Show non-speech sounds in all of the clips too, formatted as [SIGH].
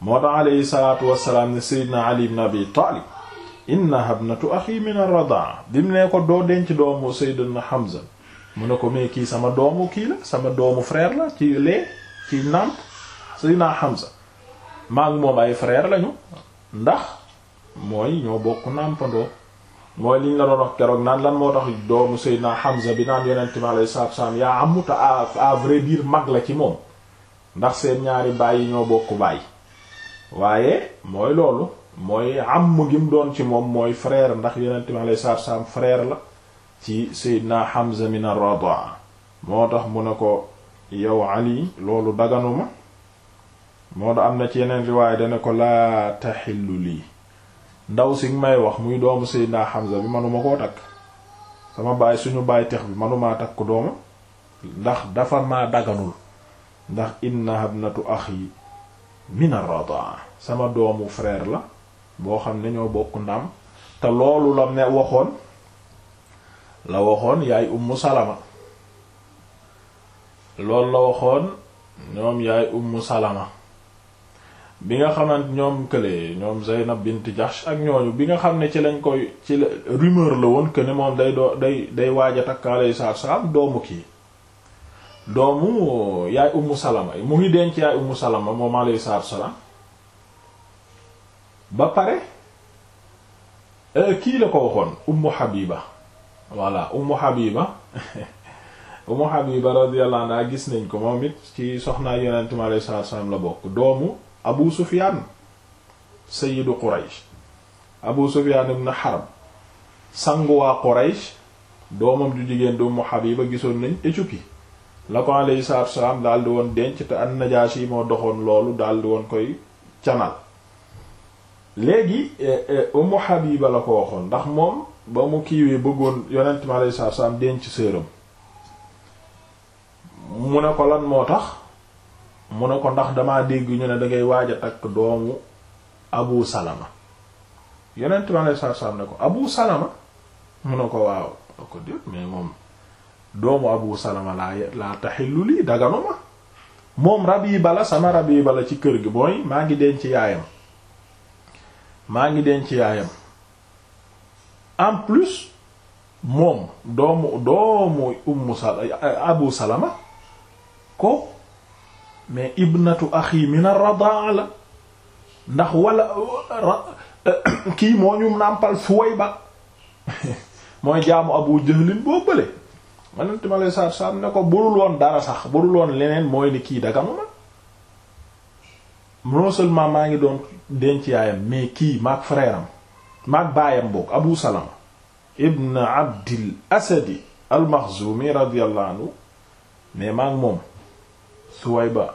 moo tax alayhi salaatu wassalaam ne Seydina Ali ibn Abi Taalib innaha ibnatu axi min ar-radaa bi mu ne ko doo denc doomu Seydina Hamza mu ne ko mais kii sama doomu kii la sama doomu frère la ci lee ci nàmp Seydina Hamza maa ngi moom ay frère lañu ndax mooy ñoo bokk nàmpandoo mooy liñ la doon wax keroog naan lan moo tax doomu Seydina Hamza bi naan yonent mi alayhi salaatu yaa amuta à à vrai mag la ci moom ndax seen ñaari baay ñoo bokk baay waaye mooy loolu mooy am gi mu doon ci moom mooy frère ndax yeneen mi alayhi salaatu salaam frère la ci Seydina Hamza min ar-radaa moo tax mu ne ko yow Ali loolu daganuma moo tax am na ci yeneen riwaay dana ko laa taxillu lii ndaw si may wax muy doomu Seydina Hamza bi manuma koo takk sama baay suñu baay tex bi manumaa takk dooma ndax dafa maa daganul ndax inna habnatu axi min ar sama doomu frère la boo xam ne ñoo bokk ndam te loolu la ne waxoon la waxoon yaay ummu salama loolu la waxoon ñoom yaay ummu salama bi nga xam xamante ñoom kële ñoom Zeynab bint Jahsh ak ñooñu bi nga xam ne ci lañ koy ci la rumeur la woon que moom day doo day day waaj a takk alayhi salaam doomu kii doomu yaay ummu salama mu ngi denc yaay ummu salama moom alayhi salaam ba pare euh, kii la ko waxoon ummu habiba voilà ummu habiba [LAUGHS] ummu habiba radiyallahu anha gis nañ ko moom it ci soxnaa yonente mi alayhi salaatu salaam la bokk doomu abu sufyan sayyidu quraysh abu sufyan ibn harb sangu waa quraysh doomam ju jigéen di ummu habiba gisoon nañ Éthiopie la ko alayhi salaatu salaam daal di woon denc te an najashi moo doxoon loolu daal di woon koy canal léegi eh, eh, Ummu Habiba la ko waxoon ndax moom ba mu kiiwee bëggoon yonent mi alayhi salaatu salaam denc séeram mu ne ko lan moo tax mu ne ko ndax damaa dégg ñu ne dangay waaj a takk doomu Abu Salama yonent mi alayhi salaatu salaam ne ko Abu Salama mu ne ko waaw ne ko déet mais moom doomu Abu Salama laa laa taxillu lii daganu ma moom Rabiba la sama Rabiba la ci kër gi mooy maa ngi denc yaayam maa ngi denc yaayam en plus moom doomu doomu ummu sal abu salama ko mais ibnatu axi min ar-radaa la ndax wala kii moo ñu nàmpal Suwayba mooy jaamu abu jahlin boo bële manentuma lay saar saar ne ko budul woon dara sax budul woon leneen mooy ni kii dagamuma non maa ngi doon denc yaayam mais kii maag frère am baayam boog Abu Salama ibn Abdil Asadi al-Makhzumi radiyallahu anhu mais maag moom Suwayba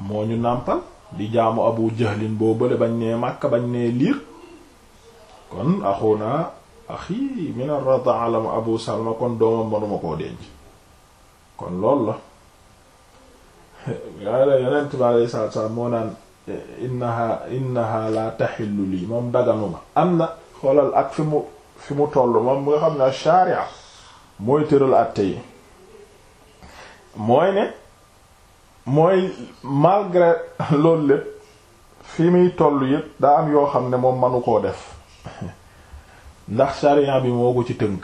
moo ñu nàmpal di jaamu Abu Jahlin boobale bañ nee Makka bañ nee liir kon axuna axi min ar-rad'a Abu Salama kon doomam manuma koo denc kon loolu la yaa la yonent bi alayhi salaatu salaam moo naan innaha innaha la taxillu lii moom daganuma am na xoolal ak fi mu fi mu toll moom nga xam ne sharia mooy tëral àtte yi mooy ne mooy malgré loolu lépp fi muy toll yépp daa am yoo xam ne moom manu koo def ndax sharia bi moo ko ci tënk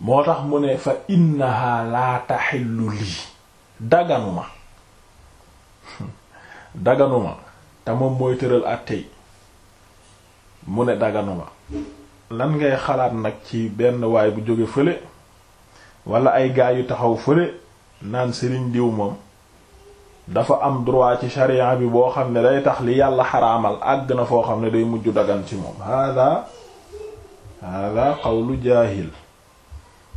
moo tax mu ne fa innaha la taxillu lii daganuma daganuma te moom mooy tëral àttey mu ne daganuma lan ngay xalaat nag ci benn waay bu jóge fële wala ay gaa yu taxaw fële naan sëriñ diw moom dafa am droit ci sharia bi boo xam ne day tax li yàlla xaraamal àgg na foo xam ne day mujj dagan ci moom hada hada qawlu jaahil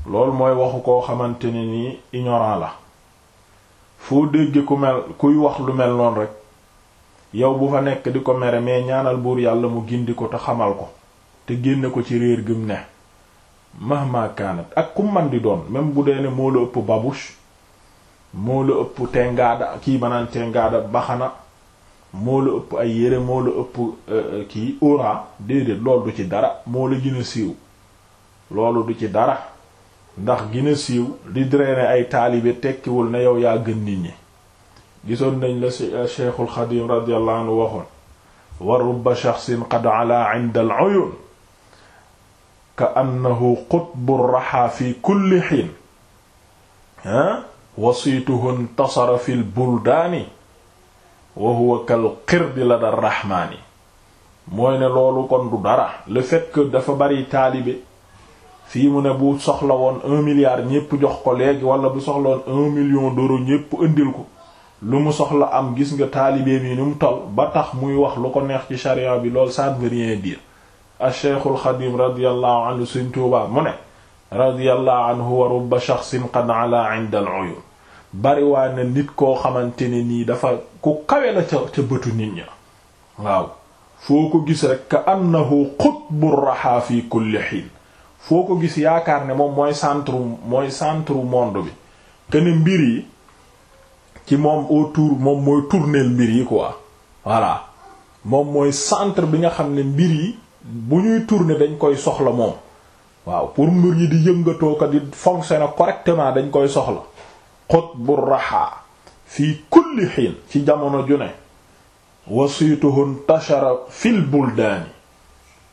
loolu mooy waxu koo xamante ne nii ignorant la foo dégg ku mel kuy wax lu mel noonu rek yow bu fa nekk di ko mere mais ñaanal buur yàlla mu gindi ko te xamal ko te génne ko ci réer gim ne mahma kaanat ak ku man di doon même bu dee ne moo la ëpp babush moo la ëpp tengaada kii banaan tengaada baxana moo la ëpp ay yére moo la ëpp euh, kii ora déedéet loolu du ci dara moo la gën siiw loolu du ci dara ndax gina siiw di drainer ay taalibe tekkiwul na yow yaa gën nit gisoon nañ la euh, cheikhul xadim radiyallahu anhu waxoon wa rubba shaxsin qad ala inda al uyun ka annahu qutbu raxa fi kulli xiin ha ah, wasiituhu intasara fi lbuldaani wa huwa kal qirdi lada rahmaani mooy ne loolu kon du dara le fait dafa bari taalibe fii mu ne bu soxla woon un ñépp jox ko léegi wala bu soxla woon million d'euros ñépp indil ko lu mu soxla am gis nga taalibeem yi ni mu toll ba tax muy wax lu ko neex ci charia bi lool ça ne veut rien dire a cheikhul xadim radiallahu anhu suñ mu ne radiallahu anhu wa rubba koo xamante ne nii dafa ku kawe waaw foo ko gis rek ka annahu qutbu raha fi kulli hin foo ko gis yaakaar ne moom mooy centre mooy centre monde bi que ne mbir yi ci moom autour moom mooy tournel mbir yi quoi voilà moom mooy centre bi nga xam ne mbir yi bu ñuy tourner dañ koy soxla moom waaw pour mbir yi di yëngatoo ko di fonctionner correctement dañ koy soxla xutbu raxaa fii kulli xiin ci jamono ju ne wasiituhu ntashara fil buldaani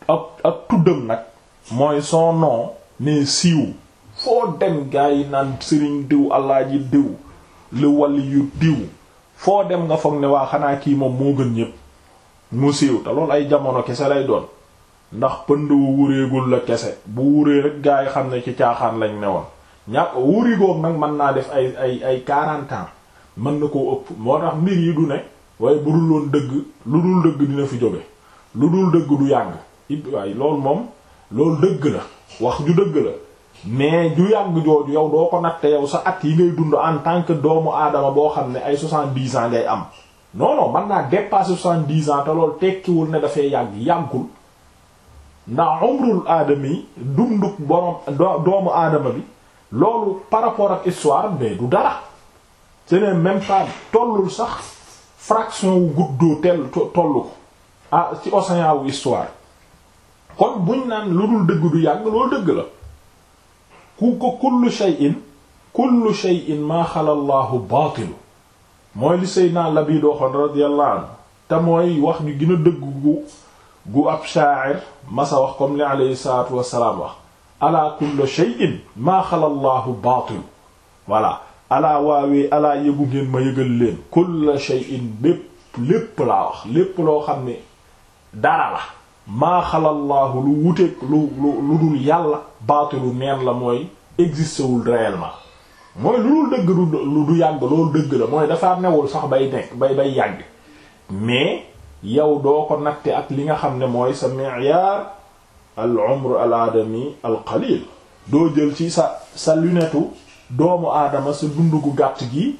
ak ak tuddam nag mooy sono nom ne siiw foo dem gaa yi naan sëriñ diw alaaji diw li wàlli yu diw foo dem nga foog ne waa xanaa kii moom moo gën ñépp mu siiw te loolu ay jamono kese lay doon ndax pënd wu wuréegul la kese bu wuree rek gaa yi xam ne ci caaxaan lañ ne woon ñàkk wuri goog nag mën naa def ay ay ay quarante mën na koo ëpp moo tax mbir yi du ne waaye bu dul woon dëgg lu dul dëgg dina fi jóge lu dul dëgg du yàgg it waaye loolu moom loolu dëgg la wax ju dëgg la mais ju yàgg jooju yow doo ko natte yow sa at yi ngay dund en tant que doomu aadama boo xam ne ay soixante-dix ans ngay am non non man naa dépasser soixante-dix ans te loolu tekkiwul ne dafay yàgg yàggul ndax umrul aadama yi dunduk borom doomu aadama bi loolu par rapport ak histoire mais du dara ce n'est même pas tollul sax fraction wu guddoo tell tollu ko ah ci océan wu histoire kon buñ naan lu dul dëgg du yàgg loolu dëgg la ku ko kullu shay'in kullu shay'in maa xala llaahu baatilu mooy li Seydina Labiid waxoon radiyallahu te mooy wax ñu gën a dëgg gu gu ab shaa'ir masa wax comme li alayhi kullu shay'in maa xala llaahu baatilu voilà alaa waawee alaa yëgu ngeen ma yëgal leen kullu shay'in bépp lépp laa wax lépp loo xam ne dara la maaxalallaahu lu wuteeg lu lu dul yàlla baatilu neen la mooy existewul réellement mooy lu dul dëgg du du yàgg loolu dëgg la mooy dafa newul sax bay nekk bay bay yàgg mais yow doo ko natte ak li nga xam ne mooy sa mi'yar al umr al aadami al qalil doo jël ci sa sa lunettu doomu aadama sa dund gu gàtt gi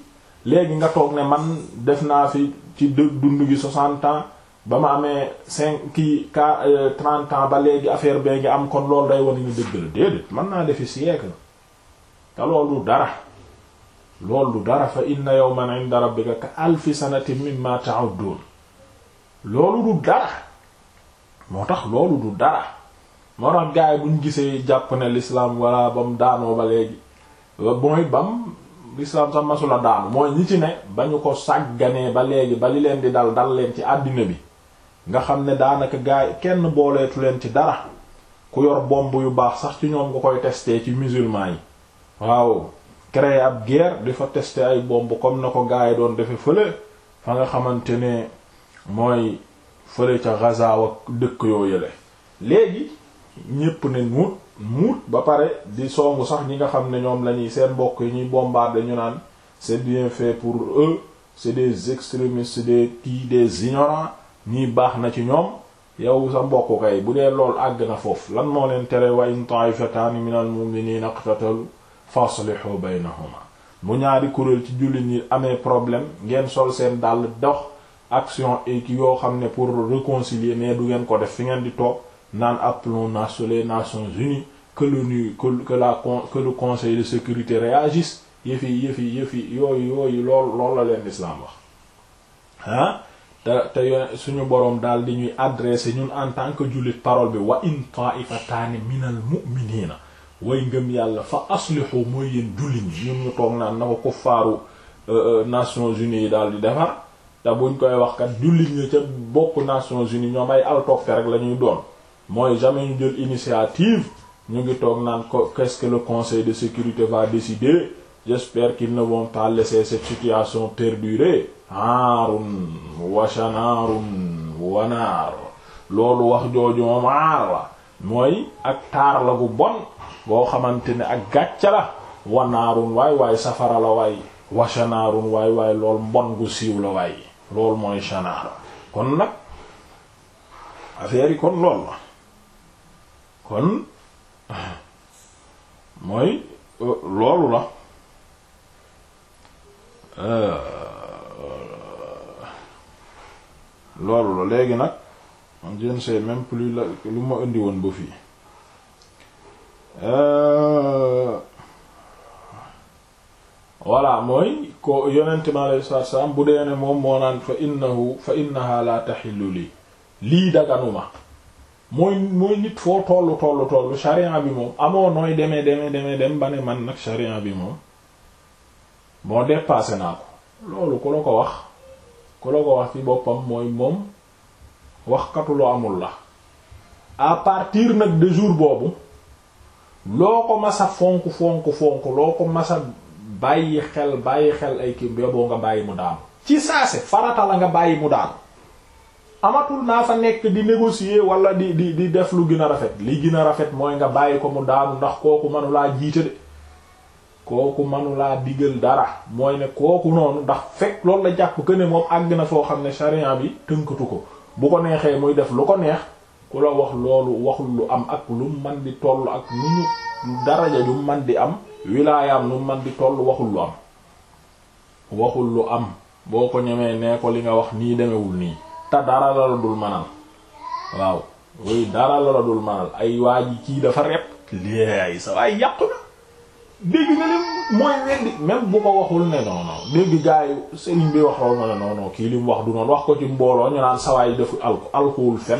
léegi nga toog ne man def naa fi ci dund gi soixante ans ba ma amee cinq kii ka euh, trente ba léegi affaire bee ngi am kon loolu day wane ni dëgg la déedéet mën naa defi siècle te loolu du dara loolu du dara fa inna yawman 'inda rabbika ka alfi sanatin mimma ta'uddun loolu du dara moo tax loolu du dara moo tax gaay buñ gisee jàpp ne l'islam walla bam daanoo ba léegi mooy bam l'islam sax masula daanu mooy ñi ci ne ba ñu ko sàgganee ba léegi ba li leen di dal dal leen ci àddina bi nga xam ne daanaka gaay kenn booleetu leen ci dara ku yor bomb yu baax sax ci ñoom nga koy tester ci musulman yi waaw créer ab guerre di fa tester ay bomb comme na ko gaay doon defee fële fa nga xamante ne mooy fële ca Gaza ak dëkk yoo yële léegi ñépp ne muut muut ba pare di songu sax ñi nga xam ne ñoom lañuy seen bokk yi ñuy bombarder dañu naan c'est bien fait pour eux c'est des extrémistes des kii des ignorants nii baax na ci ñoom yow sa mbokk kay bu dee lool àgg na foofu lan moo leen tere wa in ta'ifatan min al-mu'minina iqtatalu faslihu baynahuma bu ñaari kuréel ci jullit ñi amee problème ngeen sol seen dàll dox action et yoo xam ne pour réconcilier ne du ngeen ko def fi ngeen di toog naan appelons les Nations Unies que l'ONU que la Conseil de sécurité réagisse yëfi yëfi yëfi yooyu yooyu lool lool la leen lislaam wax ah te te suñu boroom daal di ñuy adressé ñun en tant que jullit parole bi wa in taifataani minal na way ngëm yàlla fa aslihu mooy yéen jullit ñi ñun ñu toog naan na ko kuffaaru euh, euh, Nations Unies yi daal di defar te buñ koy wax kat jullit ñi ca bokk Nations Unies ñoom ay altoppe rek la ñuy doon mooy jamais ñu jël initiative ñu ngi toog naan ko qu'est-ce que le Conseil de sécurité va décider j'espère qu'ils ne vont pas laisser cette situation perdurer aarun wa shanaarun loolu wax jooju moom la mooy ak taar la gu bon boo xamante ne ak gàcca la wanaarun waay waay safara la waay wa shanaarun waay lool mbon gu siiw la waay loolu mooy shanaar kon nag affaire yi kon lool la kon mooy euh, loolu la Euh, loolu la léegi nag je ne sais même plus la lu ma indi woon ba fii euh, voilà mooy ko yonente mi aleyhi bu dee ne moom moo naan fa innahu fa innaha la taxillu lii lii daganuma mooy mooy nit foo tollu tollu tollu sharia bi moom amoo nooy demee demee demee dem ba ne man nag sharia bi moom moo dépassé naa ko loolu ku la ko wax ku la ko wax ci boppam mooy moom waxkatu lu amul la à partir nag de jour boobu loo ko masa fonk fonk fonk loo ko masa bàyyi xel bàyyi xel ay kii boo nga bàyyi mu daanu ci saase farata la nga bàyyi mu daanu amatul naa fa nekk di négocier wala di di di def lu gën a rafet li gina rafet mooy nga bàyyi ko mu daanu ndax kooku mënulaa jiite de kooku manulaa digal dara mooy ne kooku noonu ndax fekk loolu la jàpp que ne moom àgg na foo xam ne sharia bi tënkatu ko bu ko neexee muy def lu ko neex ku la wax loolu waxul lu am ak lu man di toll ak nu ñu man di am wilaayaam lu man di toll waxul lu am waxul lu am boo ko ñemee nee ko li nga wax nii demewul nii te dara la la dul manal waaw woy dara la la dul manal ay waa ji kii dafa rep léegi sa waay yàqu dégg nga lim mooy weddi même bu ko waxul ne non non dégg gaa yi sëriñ bi waxoon na ne non kii li mu wax du noonu wax ko ci mbooloo ñu naan sawaay yi defu alko alkool fen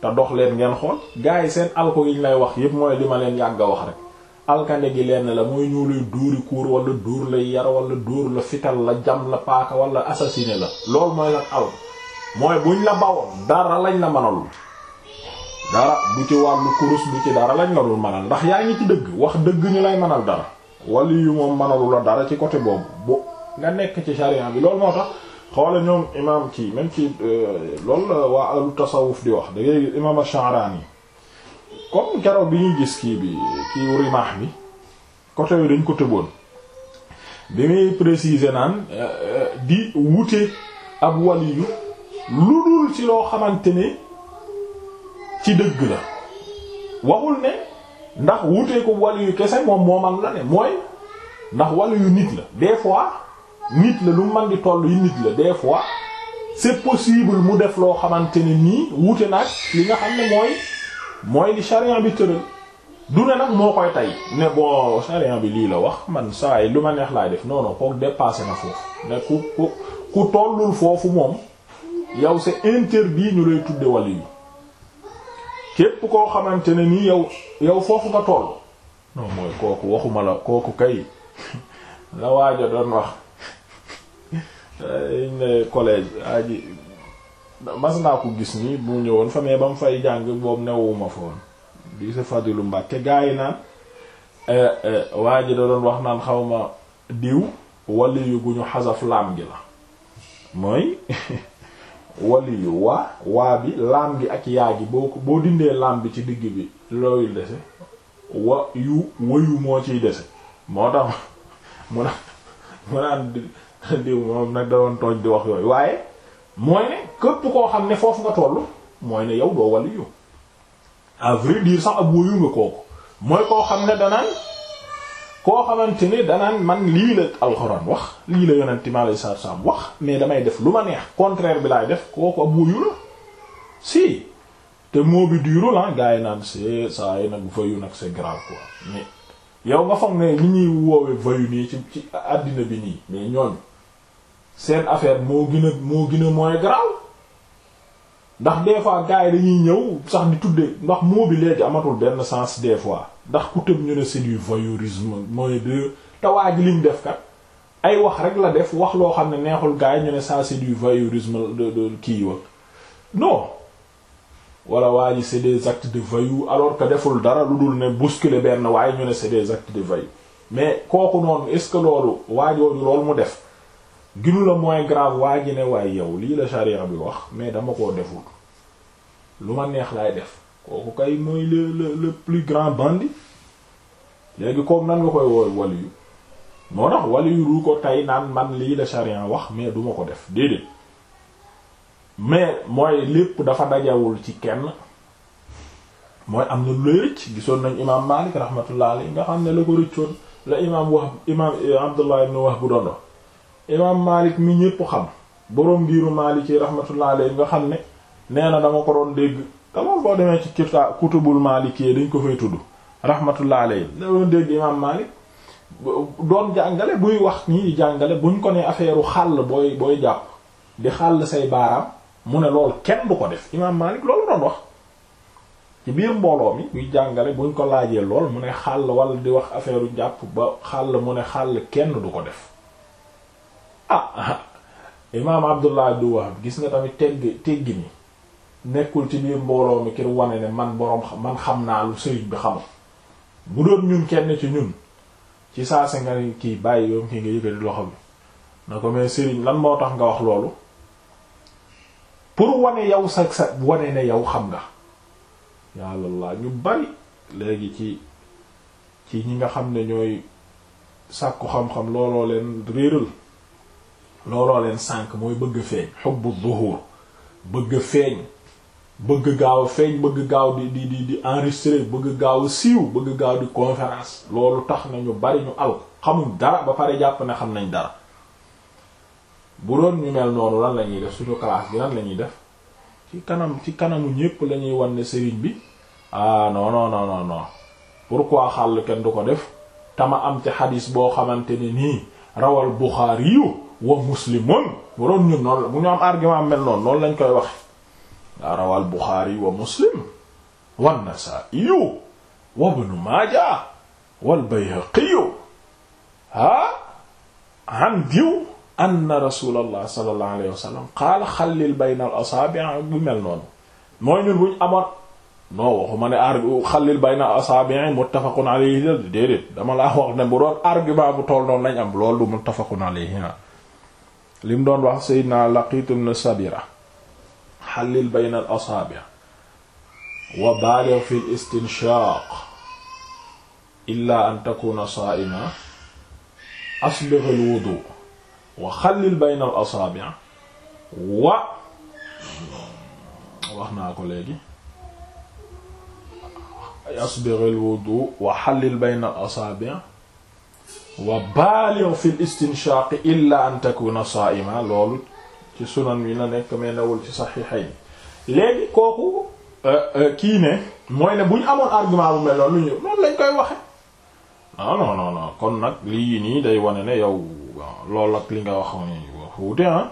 te dox leen ngeen xool gaa yi seen alko yi ñu lay wax yépp mooy li ma leen yàgg a wax rek alkande gi lenn la mooy ñu lay duuri kuur wala duur la yar wala duur la fital la jam la paaka wala assassiné la loolu mooy lan alko mooy buñ la bawoon dara lañ la mënalul dara du ci wàllu kurus du ci dara lañ la dul manal ndax yaa ngi ci dëgg wax dëgg ñu lay manal dara wali yu moom manalu la dara ci côté boobu bo nga nekk ci sharia bi loolu moo tax xoola ñoom imam ci même ci euh, loolu la waa ahlu tasawuf di wax da ngay imam Sha'rani comme keroog bi ñuy gis kii bi kii rimaax bi côté yooyu dañ ko tëboon bi muy préciser naan euh, euh, di wute ab waliyu lu dul ci loo xamante ni ci dëgg la waxul ne ndax wutee ko wàllu yu kese moom man la ne mooy ndax wàllu yu nit la des fois nit la lu man di toll yi nit la des fois c'est possible mu def loo xamante ne nii wuute nag li nga xam ne mooy mooy li charian bi tëral du ne nag moo koy tey ne bon charian bi lii la wax man saa yi lu ma neex laay def non non kooku dépassé na foofu ne ku ku ku tollul foofu moom yow c'est bii ñu lay tudde wàllu képp koo xamante ne nii yow yow foofu nga toll non mooy kooku waxuma la kooku kay [LAUGHS] la waajo doon wax ne collège aji mas naa ko gis ni bu ñëwoon fa mais ba mu fay jàng boobu newuma foon di sa Fadilu Mbàkke gaa yi naan eh, eh, waa ji da doon wax naan xawma diw walla yu gu ñu xasaf laam gi la mooy [LAUGHS] waliyu waa waa bi laam gi ak yaa gi boo ko boo dindee laam bi ci digg bi looyul dese wa yu wayu moo ciy dese moo tax [LAUGHS] mu naan mu naan diw moom nag da tooñ di wax yooyu waaye mooy ne képp koo xam ne foofu nga toll mooy ne yow doo waliyu à vrai dire sax ab wayu nga kooku mooy koo xam ne danaan koo xamante ni danaan man lii la alxuraan wax lii la yonent mi alayhi salaatu salaam wax mais damay def lu ma neex contraire bi laay def kooku ab wuyu la si te moo bi diiru la ah, gaa yi naan c'est ça yi nag voyou nag c'est grave quoi mais yow nga foog ne li ñuy woowe voyou nii ci ci àddina bi nii mais ñooñu seen affaire moo gën moo gën a mooy grave ndax des fois gaa yi dañuy ñëw sax di tuddee ndax moo bi léegi amatul benn sens des fois ndax ku tëb ñu ne c'est du voyeurisme mooy de tawaaj liñ def kat ay wax rek la def wax loo xam ne neexul gars yi ñu ne ça c'est du voyeurisme de de kii wa non wala waa ji c'est des actes de voyou alors que deful dara lu dul ne bousculer benn waaye ñu ne c'est des actes de voyou mais kooku noonu est-ce que loolu waajooju loolu mu def ginu la moins grave waa ji ne waaye yow lii la charia bi wax mais dama koo deful lu ma neex laay def kooku kay mooy le le le plus grand bandit léegi kooku nan nga koy wooy wali moo tax wali yu du ko tey naan man lii la sharia wax mais duma ko def déedéet mais mooy lépp dafa dajawul ci kenn mooy am na lu lay rëcc gisoon nañ imaam Maalik rahmatullah alayhi nga xam ne la ko rëccoon la imaam Wahb imaam eh, Abdullah ibn Wahb bu doon imaam Maalik mi ñépp xam boroom biiru Maalik yi nga xam ne nee na dama ko doon dégg te loolu boo demee ci kirta kutubul Maalik yi dañ ko fay tudd rahmatullah alayhi da doon dégg imaam Maalik doon jàngale buy wax nii di jàngale buñ ko ne affaire xàll booy booy jàpp di xàll say baaraam mu ne loolu kenn du ko def imaam Maalik wax ci biir mbooloo mi buy buñ ko laajee lool mu xàll wala di wax affaire jàpp ba xàll mu ne xàll kenn du ko def ah [LAUGHS] imaam Abdullah du Wahab gis nga tamit tegg teggi ni nekkul ci biir mbooloo mi kir wane ne man boroom man xam naa lu sëriñ bi xamul bu doon ñun kenn ci ñun ci saa si nga kii bàyyi yoom ki nga yëkkati loxo bi na ko mais sëriñ lan moo tax nga wax loolu pour wane yow sa sa wane ne yow xam nga yàlla laa ñu bari léegi ci ci ñi nga xam ne ñooy sàkku xam-xam looloo leen réeral looloo leen sànk mooy bëgg feeñ xubbu zuhur bëgg feeñ bëgg gaaw feeñ bëgg gaaw di di di di enregistrer bëgg gaaw siiw bëgg gaaw di conférence loolu tax na ñu bari ñu al xamuñ dara ba pare jàpp ne xam nañ dara bu doon ñu mel noonu lan la ñuy def suñu classe bi lan la ñuy def ci kanam ci kanamu ñépp lañuy ñuy wan ne sëriñ bi ah non non non kenn du ko def tama am ci xadis boo xamante ne nii rawal Buxaari yu wa muslimun bu doon ñun noonu bu ñu am argument mel noonu noonu lañ koy wax rawal Buxaari wa Muslim wa Nasaa'iyu wa Ibnu Maaja wal Bayhaqiyu ah an diw anna Rasuulullah sallallahu alayhi wa sallam qaala xallil bayna al-asaabi' bu mel noonu mooy ñun bu ñu amoon non waxuma ne ar xallil bayna al-asaabi' muttafaqun alayhi déedéet dama laa wax ne bu doon argument bu toll noonu lañ am loolu muttafaqun alayhi lim doon wax Seydina Laqiit ibn Sabira xallil bayna al asaabi wa baalig fi l istinshaq illa an takuna saa'ima aslih al wudu wa xallil bayna al asaabi wa wax naa ko léegi asbigh al wudu wa xallil bayna al asaabi wa baalig fi l istinshaq illa an takuna saa'ima loolu ci sunan yi la nekk mais ci ci saxiixayn léegi kooku euh, euh, kii ne mooy ne bu ñu amoon argument bu mel lu ñu lañ koy waxe non non non non kon nag lii nii day wane ne yow loolu ak li nga wax wuute ah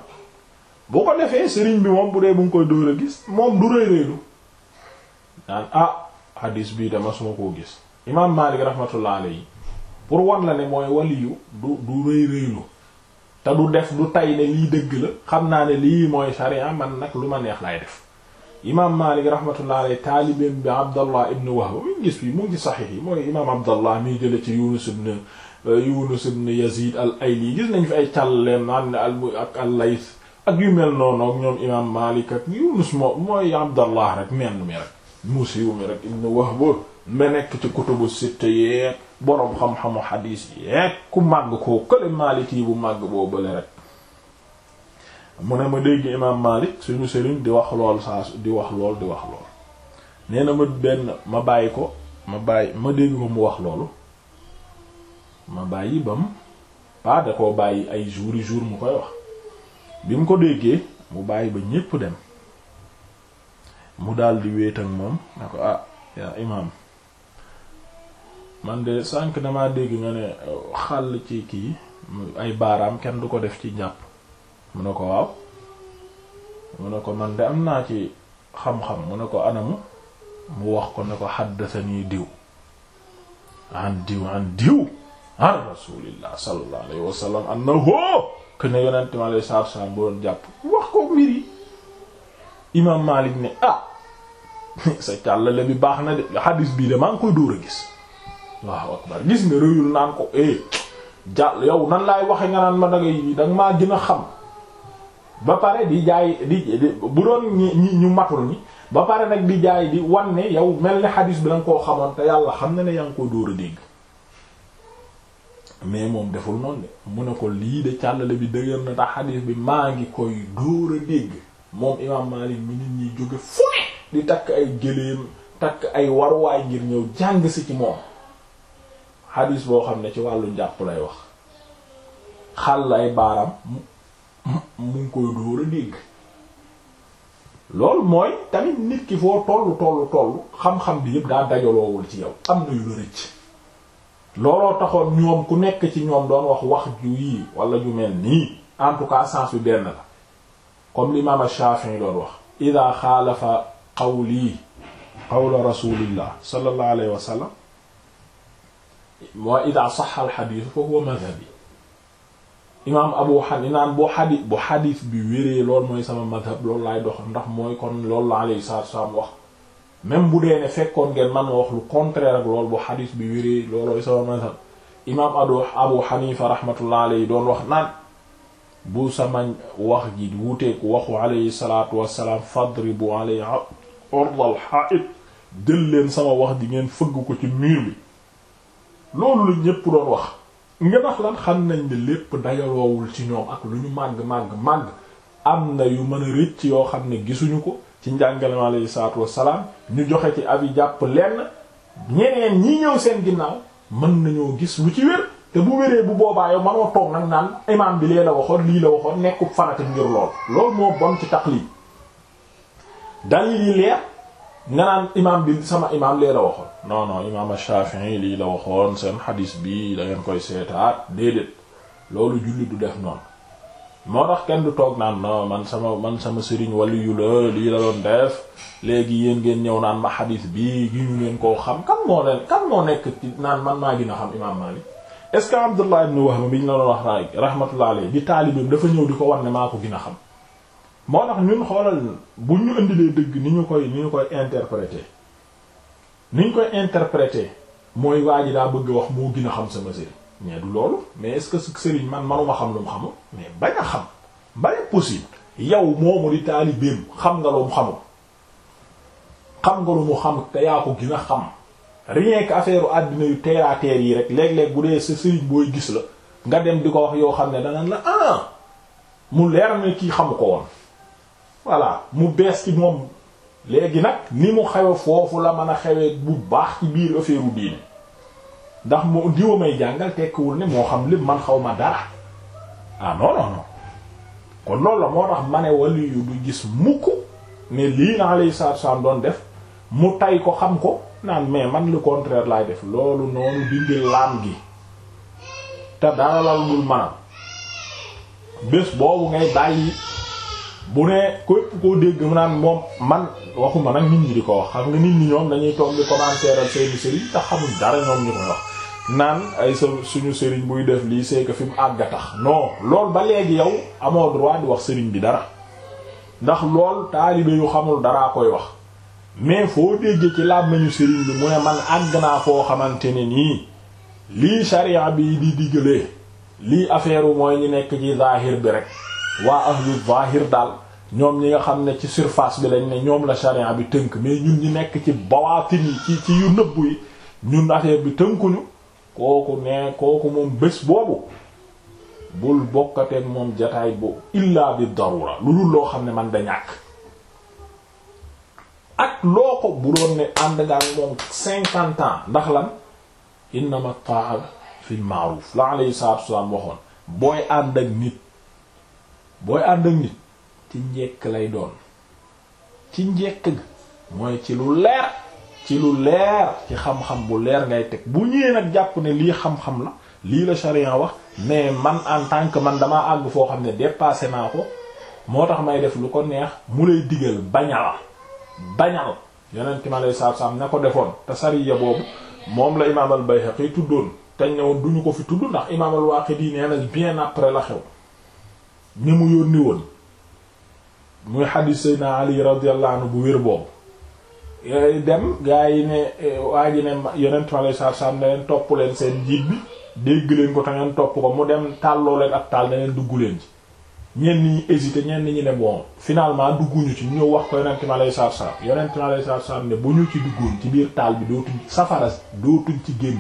bu ko defee sëriñ bi moom bu dee bu ngi koy dóor a gis moom du rëy rëylu daan ah hadis bii dama suma koo gis imaam Maalik rahmatullah alayhi pour wan la ne mooy waliyu du du rëy rëylu te du def du tay ne lii dëgg la xam naa ne lii mooy sharia man nag lu ma neex laay def imam malik rahmatullah alayhi taalibin bi abdallah ibn wahb mu ngi gis fii mu ngi saxiix yi mooy imam abdallah miy jële ci yunus ibn euh, yunus ibn yazid al ayli gis nañ fi ay càlleen naan ak al lays ak yu mel noonu ak ñoom imam malik ak yunus moo mooy abdallah rek menn mi rek muusiwu mi rek ibn wahb ma nekk ci kutubu sitta yeek boroom xam-xamu xadiis yi ku màgg koo kële Maliki bu màgg boo bële rek mu ne ma dégg imaam Malik suñu sëriñ di wax lool saa di wax lool di wax lool nee na ma benn ma bàyyi ko ma bàyyi ma dégg ko mu wax loolu ma bàyyi ba mu pas da koo bàyyi ay jours yi jours mu koy wax bi mu ko déggee mu bàyyi ba ñépp dem mu daldi wéet moom na ko ah yaa imaam man de sànq damaa dégg nga ne euh, xàll ci kii ay baaraam kenn du ko def ci njàpp mu ne ko waaw mu ne ko man de am naa ci xam-xam mu ne ko anamu mu wax ko ne ko xaddasanii diw an diw an diw an rasulillah sallallahu alayhi wasallam annahu ne yonent mi alayhi salaatu wasallam bu doon jàpp wax ko mbir yi imaam Maalik ne ah [LAUGHS] sa càllale bi baax na de xadiis bii de maa ngi koy dóor a gis waaw akbar gis nga rëyul naan ko eh jàll yow nan laay waxe nga naan ma dangay danga maa gën a xam ba pare di jaay di bu doon ñi ñu matul ni ba pare nag di jaay di wan ne yow mel ni xadis bi danga koo xamoon te yàlla xam na ne yaa ngi ko dóor a dégg mais moom deful noonu de mu ne ko lii de càllale bi dëgër na tax xadis bi maa ngi koy dóor a dégg moom imaam Maalik mi nit ñi jóge fu di takk ay gëléem takk ay waruwaay ngir ñëw jàng si ci moom xadis boo xam ne ci wàllu njàpp lay wax xàll ay baaram mu ngi koy dóor a dégg loolu mooy tamit nit ki foo tollu tollu tollu xam-xam bi yëpp daa dajaloowul ci yaw am na yu la rëcc looloo taxoon ñoom ku nekk ci ñoom doon wax wax ju yii wala ju mel nii en tout cas sens bi benn la comme l'imam Shafi'i doon wax ida xaalafa qawli qawla rasulillah sallallahu alayhi wa sallam mooy ida sax al xadiis fa huwa madhabi imaam abu xan naan bu xadiis bi wéree lool mooy sama madhab lool lay dox ndax mooy kon lool la alayhi salaatu wassalaam wax même bu dee ne fekkoon ngeen man wax lu contraire ak lool bu xadiis bi wéree loolooy sama madhab imaam adu abu xanifa rahmatullah doon wax naan bu sama wax ji wuuteeku waxu alayhi salaatu wassalaam fadribu alayhi urdal xaa'it jël leen sama wax ji ngeen fëgg ko ci mur bi loolu la ñépp doon wax nga tax lan xam nañ ne lépp dajaloowul ci ñoom ak lu ñu màgg màgg màgg am na yu mën a rëcc yoo xam ne gisuñu ko ci njàngalem alayhi salaatu ñu joxe ci abi jàpp lenn ñeneen ñi ñëw seen ginnaaw mën nañoo gis lu ci wér te bu wéree bu boobaa yow manoo toog nag naan imaam bi lee la waxoon lii la waxoon nekkub fanatique ngir lool loolu moo bon ci taqlid dalil yi leer nga naan imaam bi sama imaam lee la waxoon non non imaam Shafi'i lii la waxoon seen xadis bi da ngeen koy seetaat déedéet loolu julli du def noonu moo tax kenn du toog naan non man sama man sama sëriñ waliyu la lii la doon def léegi yéen ngeen ñëw naan ma xadiis bi gi ñu ngeen koo xam kan moo leen kan moo nekk ci naan man maa gën a xam imaam Maalik est ce que Abdullah ibn Wahb bi ñu la doon wax raay rahmatullah alayhi bi taalibeem dafa ñëw di ko war ne maa ko gën a xam moo tax ñun xoolal bu ñu indilee dëgg ni ñu koy ni ñu koy interpréter ni ñu koy interpréter mooy waa ji daa bëgg wax moo gën a xam sama sëriñ mais du loolu mais est-ce que sëriñ man manuma xam lu mu xamul mais ba a xam bari possible yow moomu di taalibeem xam nga lu mu xam nga lu xam te yaa ko gën a xam rien que affaire àddina yu terre à terre yi rek léeg-léeg bu dee sa sëriñ booy gis la nga dem di ko wax yoo xam ne danaan la ah mu leer kii xamu ko woon voilà mu bees ci moom léegi nag ni mu xewe foofu la mën a xewee bu baax ci biir affaire u diine ndax moo diwa may jàngal tekkiwul ne moo xam lépp man xaw ma dara ah non non kon loolu la moo tax ma ne wàllu yu du gis mukk ne lii na alayhi salaatu salaam doon def mu tay ko xam ko naan mais man le contraire laay def loolu noonu dindi laam gi te dara la dul maanaam bés boobu ngay bàyyi. bu ne képp ko dégg mu naan moom man waxuma nag nit ñi di ko wax xam nga nit ñi ñoom dañuy toog di commentaire ak seeni sëriñ te xamul dara ñoom ñu koy wax naan ay sa suñu sëriñ buy def lii c'est que fi mu àgg a tax noo lool ba léegi yow amoo droit di wax sëriñ bi dara ndax lool taalibe yu xamul daraa koy wax mais foo déggee ci laab nañu sëriñ bi mu ne man àgg naa foo xamante ne nii lii charia bi di diggalee lii affaire mooy ñu nekk ci zahir bi rek waa ahlu zahir daal ñoom ñi nga xam ne ci surface bi lañ ne ñoom la charia bi tënk mais ñun ñi nekk ci bawaatin yi ci ci yu nëbbu yi ñun affaire bi tënkuñu kooku nee kooku moom bés boobu bul bokkateeg moom jataay boobu illa bi darura lu dul loo xam ne man da ñàkk ak loo ko bu doon ne ànd nga moom cinquante ans ndax lan innama ta'a fil ma'ruf la alayhi salatu wassalam waxoon booy ànd ak nit booy ànd ak nit ci njekk lay doon ci njekk mooy ci lu leer ci lu leer ci xam-xam bu leer ngay teg bu ñëwee nag jàpp ne lii xam-xam la lii la sharia wax mais man en tant que man damaa àgg foo xam ne dépassé naa ko moo tax may def lu ko neex mu lay digal bañal bañal yeneen ki ma lay saab saab na ko defoon te sariya boobu moom la imaam al Bayhaqi tuddoon te ñëw duñu ko fi tudd ndax imaam al Waaqidi nee na bien après la xew ñi mu yónni woon muy xadiis Seydina Ali radiyallahu anhu bu wér boobu dem gaa yi ne waa ji ne yonent mi alei satu salaam ne leen topp leen seen jiit bi dégg leen ko te topp ko mu dem tàlloo leen ak taal ne leen dugg leen ci ñenn ñi hésité ñenn ñi ne bon finalement dugguñu ci ñëw wax ko yonent ma lay satu salaam yonent mi alei satu salaam ne bu ñu ci duggoon ci biir taal bi dootuñ safara dootuñ ci génn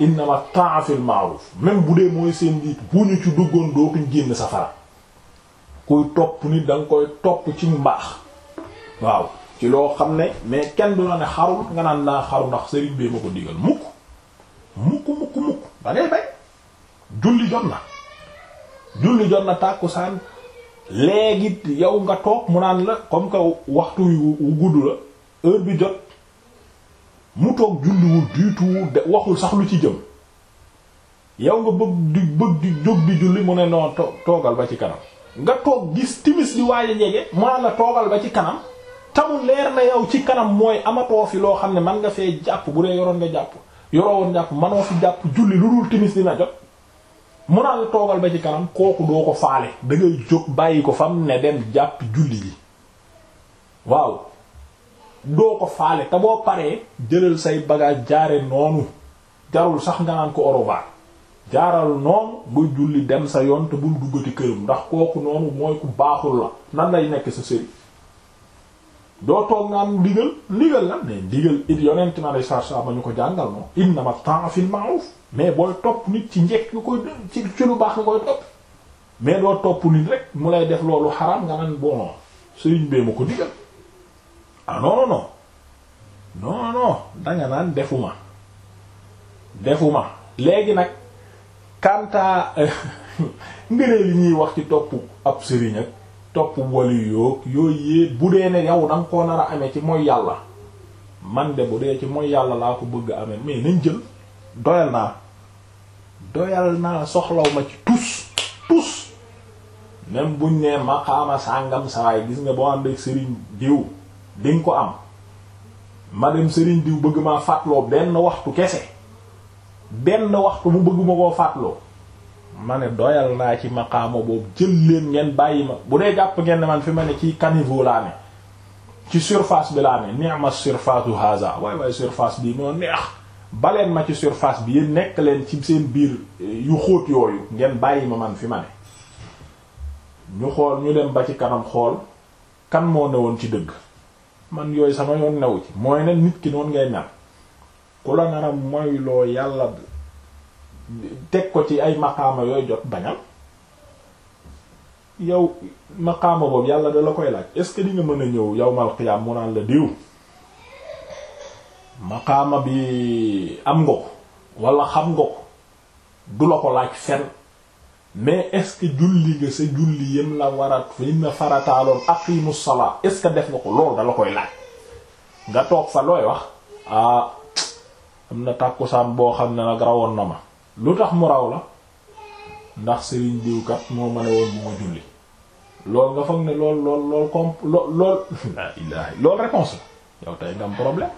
innama ta'a fil ma'ruf bu dee mooy seen njiit bu ñu ci duggoon dootuñ génn safara kuy topp nit da nga koy topp ci mbaax waaw ci loo xam ne mais kenn du la ne xarul nga naan naa xaru ndax sëriñ bee ma ko digal mukk mukk mukk mukk da bay julli jot na julli jot na tàkkusaan léegi yow nga toog mu naan la comme que waxtu wu gudd la heure bi jot mu toog julliwul du tout de waxul sax lu ci jëm yow nga bëgg di bëgg di jóg di julli mu ne non toogal ba ci kanam nga toog gis timis di waaye jege maa la toogal ba ci kanam tamu leer na yow ci kanam mooy amatoo fi loo xam ne man nga fee jàpp bu dee yoroon nga jàpp yoroo woon jàpp manoo fi jàpp julli lu dul timis dina jot mu naa la toogal ba ci kanam kooku doo ko faale da jóg bàyyi ko fam ne dem jàpp julli ji waaw doo ko faale te boo paree jëlal say bagaas jaare noonu jarul sax nga naan ko orobaat jaaral noonu bu julli dem sa yoon te bul duggati këram ndax kooku noonu mooy ku baaxul la nan lay nekk sa sëriñ doo toog naan ndigal ndigal lan ne ndigal it yonent ma lay sar sa ma ñu ko jàngal moom innama ta'a fil ma'ruf mais boo topp nit ci njekk nga koy ci ci lu baax nga koy topp mais doo topp nit rek mu lay def loolu xaram nga naan bon sëriñ bee ma ah non non non non danga naan defuma defuma léegi nag kanta euh, [LAUGHS] ngënee li ñuy wax ci topp ab sëriñ ak topp wali yoog yooyu bu dee ne yow danga koo nar a amee ci mooy yàlla man de bu dee ci mooy yàlla laa ko bëgg amee mais nañ jël doyal naa doyal naa soxlaw ma ci tus tus même buñ ne maqaama sàngam sawaay gis nga boo ànd ak sëriñ diw dinga ko am ma dem sëriñ diw bëgg maa fàttaloo benn waxtu kese benn waxtu mu bëgguma koo fàttaloo ma ne doyal naa ci maqaama boobu jël leen ngeen bàyyi ma bu dee jàpp ngeen ne man fi ma ne ci caniveau laa ne ci surface bi laa ne ni'ma surface u haza waay waay surface bii moo neex baleen ma ci surface bi yéen nekk leen ci seen biir eh, yu xóot yooyu ngeen bàyyi ma man fi ma ne ñu xool ñu dem ba ci kanam xool kan moo woon ci dëgg man yooyu sama yoon newu ci mooy ne nit ki noonu ngay mel ku la naram mooy loo yàlla teg ko ci ay maqaama yooy jot bañal yow maqaama boobu yàlla da la koy laaj est-ce que nga mën a ñëw yow qiyaam mu naan la diw maqaama bi am nga ko wala xam nga ko du la ko laaj fenn mais est-ce que julli nga sa julli yem la warat fi na farataaloon aqimu salaa est-ce que def nga ko loolu dala koy laaj nga toog fa looy wax ah am na tàkkusaan boo xam ne nag rawoon na ma lu tax mu raw la ndax Serigne diwkat moo ma ne woon bu ma julli loolu nga foog ne lool lool lool comp lool lool la [LAUGHS] lool réponse yow tey nga am problème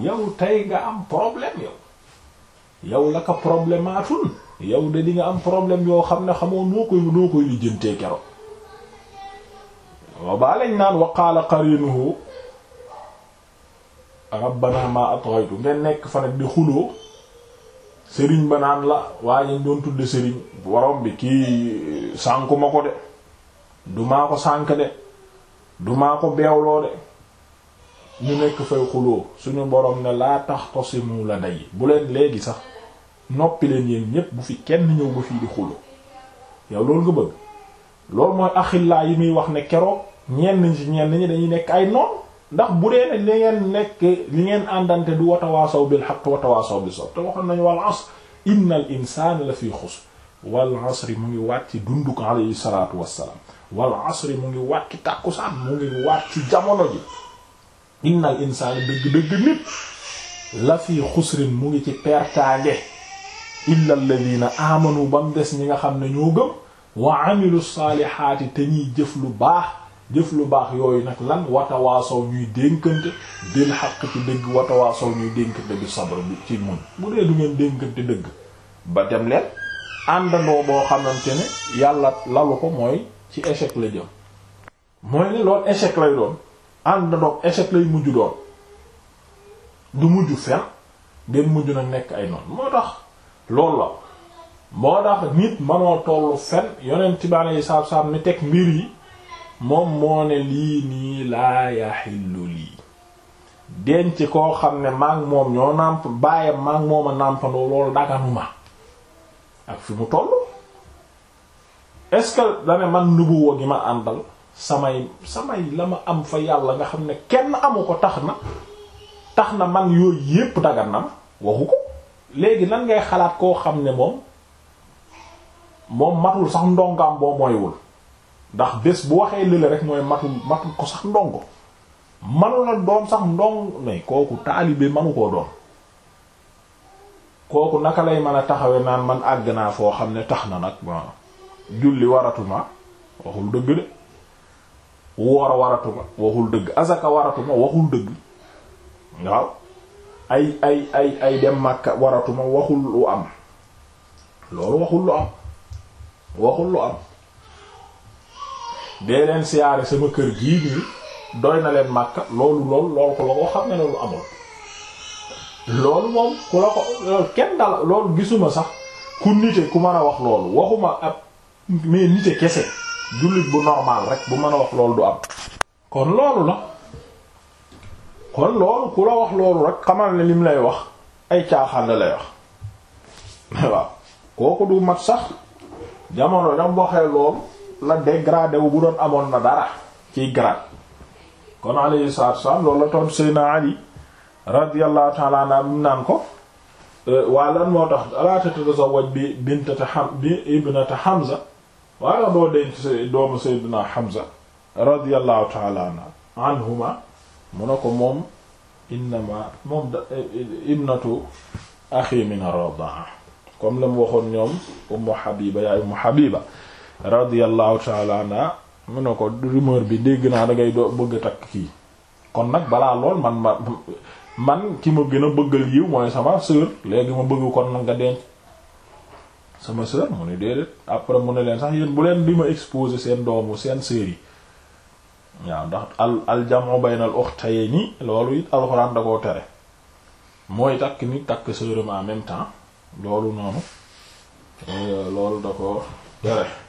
yow tey nga am problème yow yow la problème atul yow de di nga am problème yoo xam ne xamoo noo koy noo koy lijjantee kero wa baa lañ naan wa qaala qarinuhu rabbana ma atghaytu ngeen nekk fa nag di xuloo sëriñ ba la waaye ñu doon tudde sëriñ borom bi kii eh, sànku ko de du ko sànk de du maa ko beewloo de ñu nekk fay xuloo suñu borom ne laa tax tosimu la day bu leen léegi sax noppi leen yéen ñépp bu fi kenn ñëw ba fii di xuloo yow loolu nga bëgg loolu mooy axillaa yi muy wax ne keroog ñenn ñi ci ñi dañuy nekk ay noon ndax bu dee ne li ngeen nekk li ngeen àndante du watawaasaw bil haqq watawaasaw bis sabr te waxoon nañu wal asr innal insaana la fi xusr wal asri mu ngi waat ci dunduk alayhi salaatu wassalaam wal asri mu ngi waat ci tàkkusaan mu ngi waat ci jamono ji innal insaana dëgg-dëgg nit la fii xusrin mu ngi ci pertaange illa alladina amanu ba mu des ñi nga xam ne ñoo gëm wa amilu saalihaati te ñuy jëf lu baax jëf lu baax yooyu nag lan watawaasaw ñuy dénkante bil xaq dëgg watawaasaw ñuy dénkante bi sabr bi ci mun bu dee du ngeen dénkante dëgg ba dem leen àndandoo boo xamante ne yàlla lalu ko mooy ci échec la jëm mooy ne loolu échec lay doon àndandoo échec lay mujj doon du mujj fen ngeen mujj nag nekk ay noon moo tax loolu la moo tax nit mënoo tollu fen yonent bi alayhi salaatu salaam ni teg mbir yi moom moo ne lii nii laa yaxillu lii denc koo xam ne maak moom ñoo nàmp baayam maak moom a nàmpandoo loolu daganuma ak fi mu toll est-ce que man nubuwa gi ma àndal samay samay la ma am fa yàlla nga xam ne kenn amu ko tax na tax na man yooyu yépp daganam waxu ko léegi nan ngay xalaat koo xam ne moom moom matul sax ndongaam boo mooywul ndax bés bu waxee lële rek mooy matul matul ko sax ndongo manu la sax ndong mais kooku taalibe manu koo doon kooku naka lay mën a taxawe naan man àgg naa foo xam ne tax na nag ma julli waratuma waxul dëgg de woor waratuma waxul dëgg azaka waratuma waxul dëgg waaw ay ay ay ay dem Makka waratuma waxul lu am loolu waxul lu am waxul lu am dee leen siyaare sama kër gii nii doy na leen Makka loolu loolu loolu ko la ko xam ne ne lu amul loolu moom ku la ko kenn dal loolu gisuma sax ku nite ku mën a wax loolu waxuma ab mais nite kese jullit bu normal rek bu mën a wax loolu du am kon loolu la kon loolu ku la wax loolu rek xamal ne lim lay wax ay caaxaan la lay wax [LAUGHS] waaw kooku du mat sax jamono dam waxee loolu la dégradé bu doon amoon na dara ciy grade kon alayhi salaatu wassalaam loolu la toon Seydina Ali radiyallahu ta'ala anhu naan ko euh, waa lan moo tax alaa tatazawwaj bi bintata Ham bi Hamza waaye la doo denc doomu Seydina Hamza radiyallahu ta'ala anhuma mu ne ko moom innama moom da eh, eh, ibnatu axi min ar-radaa comme la mu waxoon ñoom ummu habiba yaay ummu habiba radiyallahu ta'ala anha mu ne ko rumeur bi dégg naa da ngay doo bëgg takk kii kon nag balaa lool man ma man ki ma gën a bëggal yiw mooy sama sœur léegi ma bëgg kon nag nga denc sama sœur mu ne déedéet après mu ne leen sax yéen bu leen di ma exposer seen doomu seen sœur yi waaw ndax al aljamu baynal ukhtayni loolu it alxuraan da koo tere mooy takk ni takk sœuram en même temps loolu noonu euh, loolu da ko tere